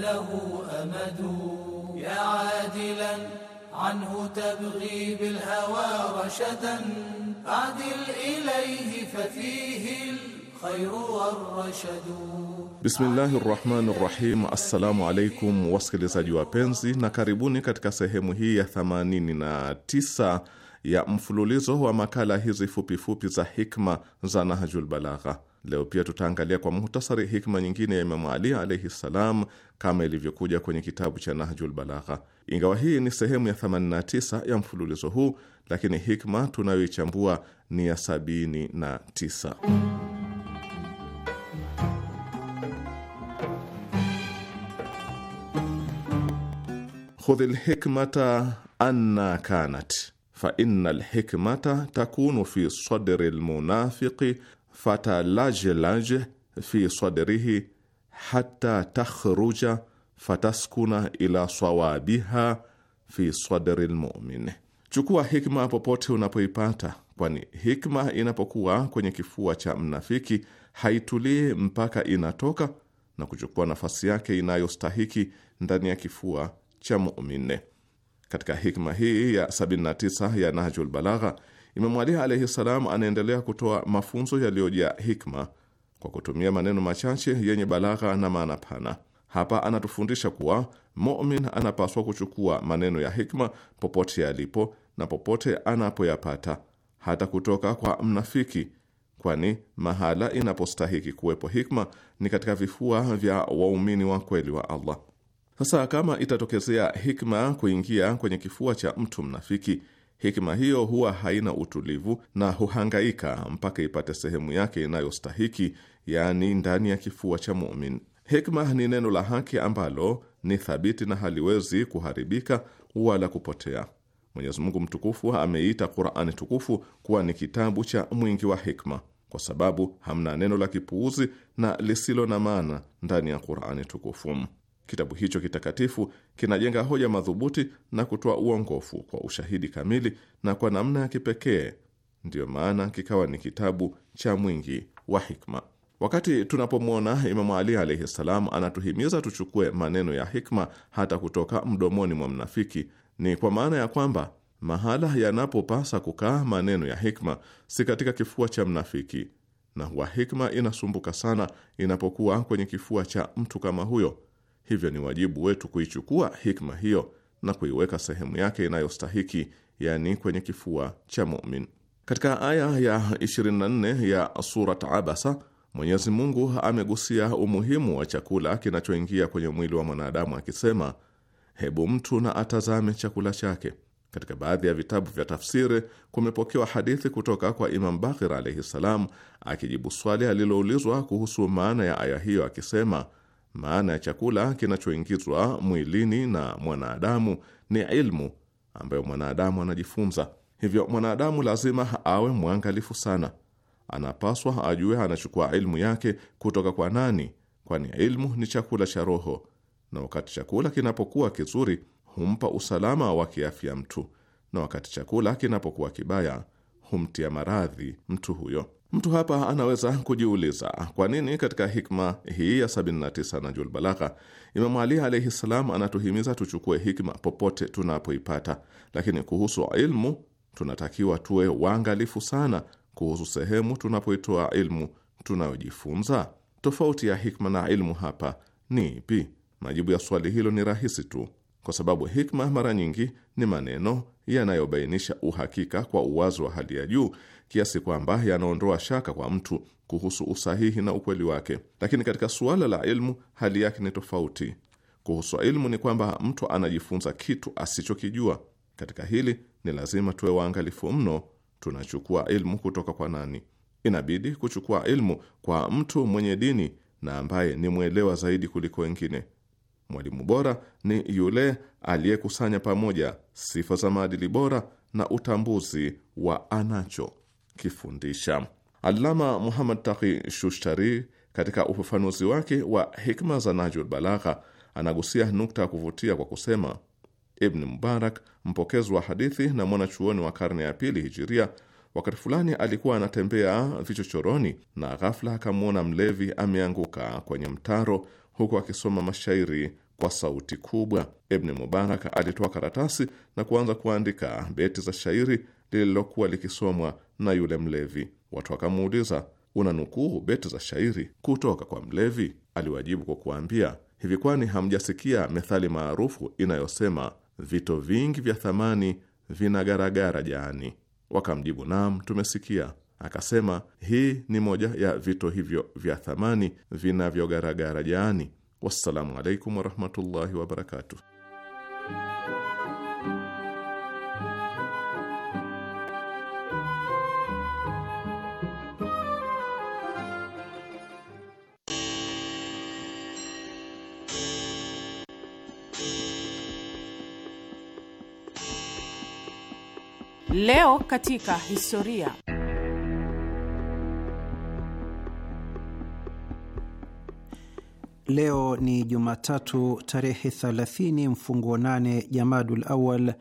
وله أمد يا عادلا عنه تبغي بالهوى رشدا أعدل إليه ففيه الخير والرشد Bismillahi rahmani rahim. Assalamu alaikum wasikilizaji wapenzi, na karibuni katika sehemu hii ya 89 ya mfululizo wa makala hizi fupifupi fupi za hikma za Nahjul Balagha. Leo pia tutaangalia kwa muhtasari hikma nyingine ya Imamu Ali alaihi ssalam kama ilivyokuja kwenye kitabu cha Nahjul Balagha. Ingawa hii ni sehemu ya 89 ya mfululizo huu, lakini hikma tunayoichambua ni ya 79. hudhi lhikmata anna kanat fa inna lhikmata takunu fi sadri lmunafiqi fata laje laje fi sadrihi hata takhruja fataskuna ila sawabiha fi sadri lmumin. Chukua hikma popote unapoipata, kwani hikma inapokuwa kwenye kifua cha mnafiki haitulii mpaka inatoka na kuchukua nafasi yake inayostahiki ndani ya kifua cha mumine Katika hikma hii ya 79 ya Nahjul Balagha Imamu Ali alaihi salam anaendelea kutoa mafunzo yaliyojaa hikma kwa kutumia maneno machache yenye balagha na maana pana. Hapa anatufundisha kuwa mumin anapaswa kuchukua maneno ya hikma popote yalipo na popote anapoyapata, hata kutoka kwa mnafiki, kwani mahala inapostahiki kuwepo hikma ni katika vifua vya waumini wa kweli wa Allah. Sasa kama itatokezea hikma kuingia kwenye kifua cha mtu mnafiki hikima hiyo huwa haina utulivu na huhangaika mpaka ipate sehemu yake inayostahiki, yaani ndani ya kifua cha mumin Hikma ni neno la haki ambalo ni thabiti na haliwezi kuharibika wala kupotea. Mwenyezi Mungu mtukufu ameita Qur'ani tukufu kuwa ni kitabu cha mwingi wa hikma, kwa sababu hamna neno la kipuuzi na lisilo na maana ndani ya Qur'ani tukufu. Kitabu hicho kitakatifu kinajenga hoja madhubuti na kutoa uongofu kwa ushahidi kamili na kwa namna ya kipekee. Ndiyo maana kikawa ni kitabu cha mwingi wa hikma. Wakati tunapomwona Imamu Ali alaihi ssalam anatuhimiza tuchukue maneno ya hikma hata kutoka mdomoni mwa mnafiki, ni kwa maana ya kwamba mahala yanapopasa kukaa maneno ya hikma si katika kifua cha mnafiki, na huwa hikma inasumbuka sana inapokuwa kwenye kifua cha mtu kama huyo. Hivyo ni wajibu wetu kuichukua hikma hiyo na kuiweka sehemu yake inayostahiki, yani kwenye kifua cha mumin. Katika aya ya 24 ya Surat Abasa, Mwenyezi Mungu amegusia umuhimu wa chakula kinachoingia kwenye mwili wa mwanadamu akisema, hebu mtu na atazame chakula chake. Katika baadhi ya vitabu vya tafsiri kumepokewa hadithi kutoka kwa Imam Bakir alaihi salam akijibu swali aliloulizwa kuhusu maana ya aya hiyo akisema maana ya chakula kinachoingizwa mwilini na mwanadamu ni ilmu ambayo mwanadamu anajifunza. Hivyo mwanadamu lazima awe mwangalifu sana, anapaswa ajue anachukua ilmu yake kutoka kwa nani, kwani ilmu ni chakula cha roho, na wakati chakula kinapokuwa kizuri humpa usalama wa kiafya mtu, na wakati chakula kinapokuwa kibaya humtia maradhi mtu huyo. Mtu hapa anaweza kujiuliza kwa nini katika hikma hii ya 79 na Najul Balagha Imamu Ali alaihi ssalam anatuhimiza tuchukue hikma popote tunapoipata, lakini kuhusu ilmu tunatakiwa tuwe waangalifu sana kuhusu sehemu tunapoitoa ilmu tunayojifunza. Tofauti ya hikma na ilmu hapa ni ipi? Majibu ya swali hilo ni rahisi tu kwa sababu hikma mara nyingi ni maneno yanayobainisha uhakika kwa uwazi wa hali ya juu kiasi kwamba yanaondoa shaka kwa mtu kuhusu usahihi na ukweli wake. Lakini katika suala la ilmu hali yake ni tofauti. Kuhusu ilmu ni kwamba mtu anajifunza kitu asichokijua. Katika hili ni lazima tuwe waangalifu mno. Tunachukua ilmu kutoka kwa nani? Inabidi kuchukua ilmu kwa mtu mwenye dini na ambaye ni mwelewa zaidi kuliko wengine. Mwalimu bora ni yule aliyekusanya pamoja sifa za maadili bora na utambuzi wa anachokifundisha. Allama Muhammad Taqi Shushtari katika ufafanuzi wake wa hikma za Najul Balagha anagusia nukta ya kuvutia kwa kusema, Ibn Mubarak, mpokezi wa hadithi na mwanachuoni wa karne ya pili hijiria, wakati fulani alikuwa anatembea vichochoroni na ghafla akamwona mlevi ameanguka kwenye mtaro huku akisoma mashairi kwa sauti kubwa. Ibni Mubarak alitoa karatasi na kuanza kuandika beti za shairi lililokuwa likisomwa na yule mlevi. Watu wakamuuliza, unanukuu beti za shairi kutoka kwa mlevi? Aliwajibu kwa kuambia hivi, kwani hamjasikia methali maarufu inayosema vito vingi vya thamani vinagaragara jaani? Wakamjibu, naam, tumesikia. Akasema hii ni moja ya vito hivyo vya thamani vinavyogaragara jaani. Wassalamu alaikum warahmatullahi wabarakatuh. Leo katika historia Leo ni Jumatatu tarehe 30 mfunguo nane Jamadul Awal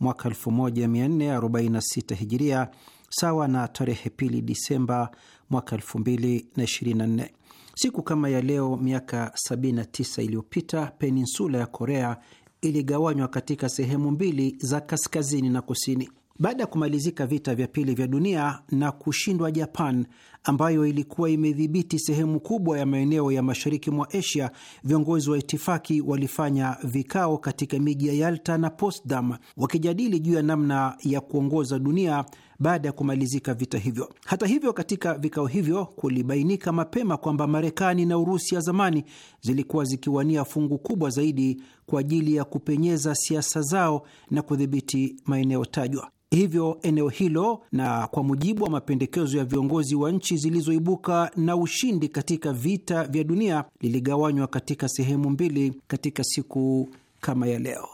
mwaka 1446 Hijiria, sawa na tarehe pili Disemba mwaka 2024. Siku kama ya leo miaka 79 iliyopita peninsula ya Korea iligawanywa katika sehemu mbili za kaskazini na kusini. Baada ya kumalizika vita vya pili vya dunia na kushindwa Japan ambayo ilikuwa imedhibiti sehemu kubwa ya maeneo ya mashariki mwa Asia, viongozi wa itifaki walifanya vikao katika miji ya Yalta na Potsdam wakijadili juu ya namna ya kuongoza dunia baada ya kumalizika vita hivyo. Hata hivyo, katika vikao hivyo kulibainika mapema kwamba Marekani na Urusi ya zamani zilikuwa zikiwania fungu kubwa zaidi kwa ajili ya kupenyeza siasa zao na kudhibiti maeneo tajwa hivyo eneo hilo, na kwa mujibu wa mapendekezo ya viongozi wa nchi zilizoibuka na ushindi katika vita vya dunia, liligawanywa katika sehemu mbili katika siku kama ya leo.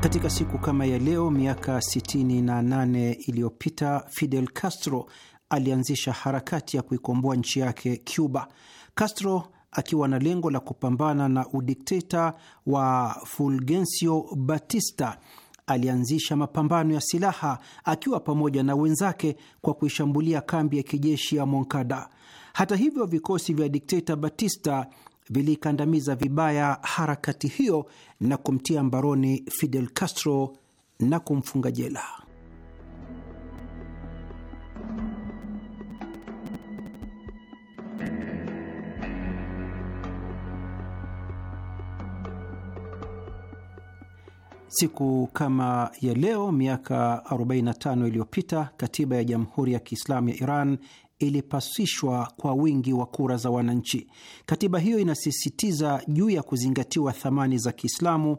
Katika siku kama ya leo miaka 68 iliyopita Fidel Castro alianzisha harakati ya kuikomboa nchi yake Cuba. Castro akiwa na lengo la kupambana na udikteta wa Fulgencio Batista alianzisha mapambano ya silaha akiwa pamoja na wenzake kwa kuishambulia kambi ya kijeshi ya Moncada. Hata hivyo, vikosi vya dikteta Batista vilikandamiza vibaya harakati hiyo na kumtia mbaroni Fidel Castro na kumfunga jela. Siku kama ya leo miaka 45 iliyopita katiba ya Jamhuri ya Kiislamu ya Iran ilipasishwa kwa wingi wa kura za wananchi. Katiba hiyo inasisitiza juu ya kuzingatiwa thamani za Kiislamu,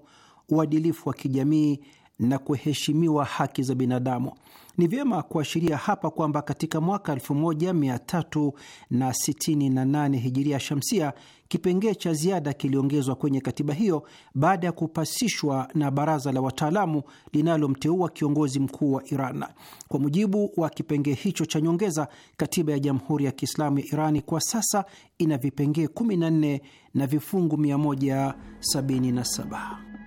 uadilifu wa kijamii na kuheshimiwa haki za binadamu. Ni vyema kuashiria hapa kwamba katika mwaka 1368 hijiria shamsia kipengee cha ziada kiliongezwa kwenye katiba hiyo baada ya kupasishwa na baraza la wataalamu linalomteua kiongozi mkuu wa Iran. Kwa mujibu wa kipengee hicho cha nyongeza, katiba ya Jamhuri ya Kiislamu ya Irani kwa sasa ina vipengee 14 na vifungu 177.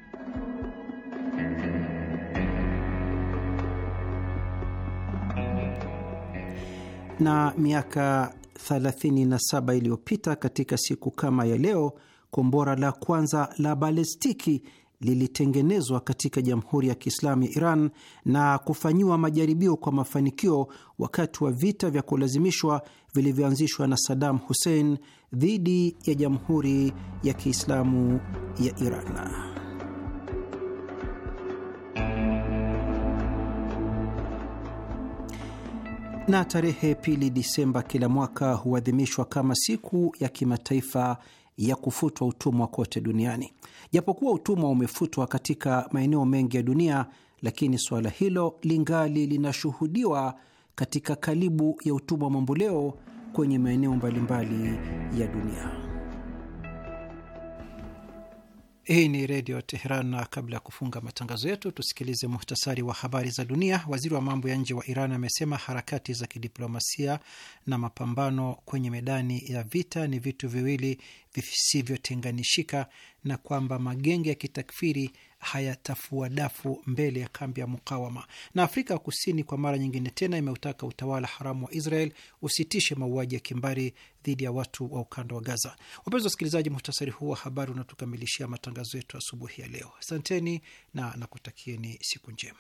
Na miaka 37 iliyopita katika siku kama ya leo, kombora la kwanza la balestiki lilitengenezwa katika Jamhuri ya Kiislamu ya Iran na kufanyiwa majaribio kwa mafanikio wakati wa vita vya kulazimishwa vilivyoanzishwa na Saddam Hussein dhidi ya Jamhuri ya Kiislamu ya Iran. na tarehe pili Disemba kila mwaka huadhimishwa kama siku ya kimataifa ya kufutwa utumwa kote duniani. Japokuwa utumwa umefutwa katika maeneo mengi ya dunia, lakini suala hilo lingali linashuhudiwa katika kalibu ya utumwa mamboleo kwenye maeneo mbalimbali ya dunia. Hii ni Redio Teheran, na kabla ya kufunga matangazo yetu tusikilize muhtasari wa habari za dunia. Waziri wa mambo ya nje wa Iran amesema harakati za kidiplomasia na mapambano kwenye medani ya vita ni vitu viwili visivyotenganishika na kwamba magenge ya kitakfiri hayatafua dafu mbele ya kambi ya mukawama. Na Afrika ya Kusini kwa mara nyingine tena imeutaka utawala haramu wa Israel usitishe mauaji ya kimbari dhidi ya watu wa ukanda wa Gaza. Wapenzi wasikilizaji, muhtasari huu wa habari unatukamilishia matangazo yetu asubuhi ya leo. Asanteni na nakutakieni siku njema.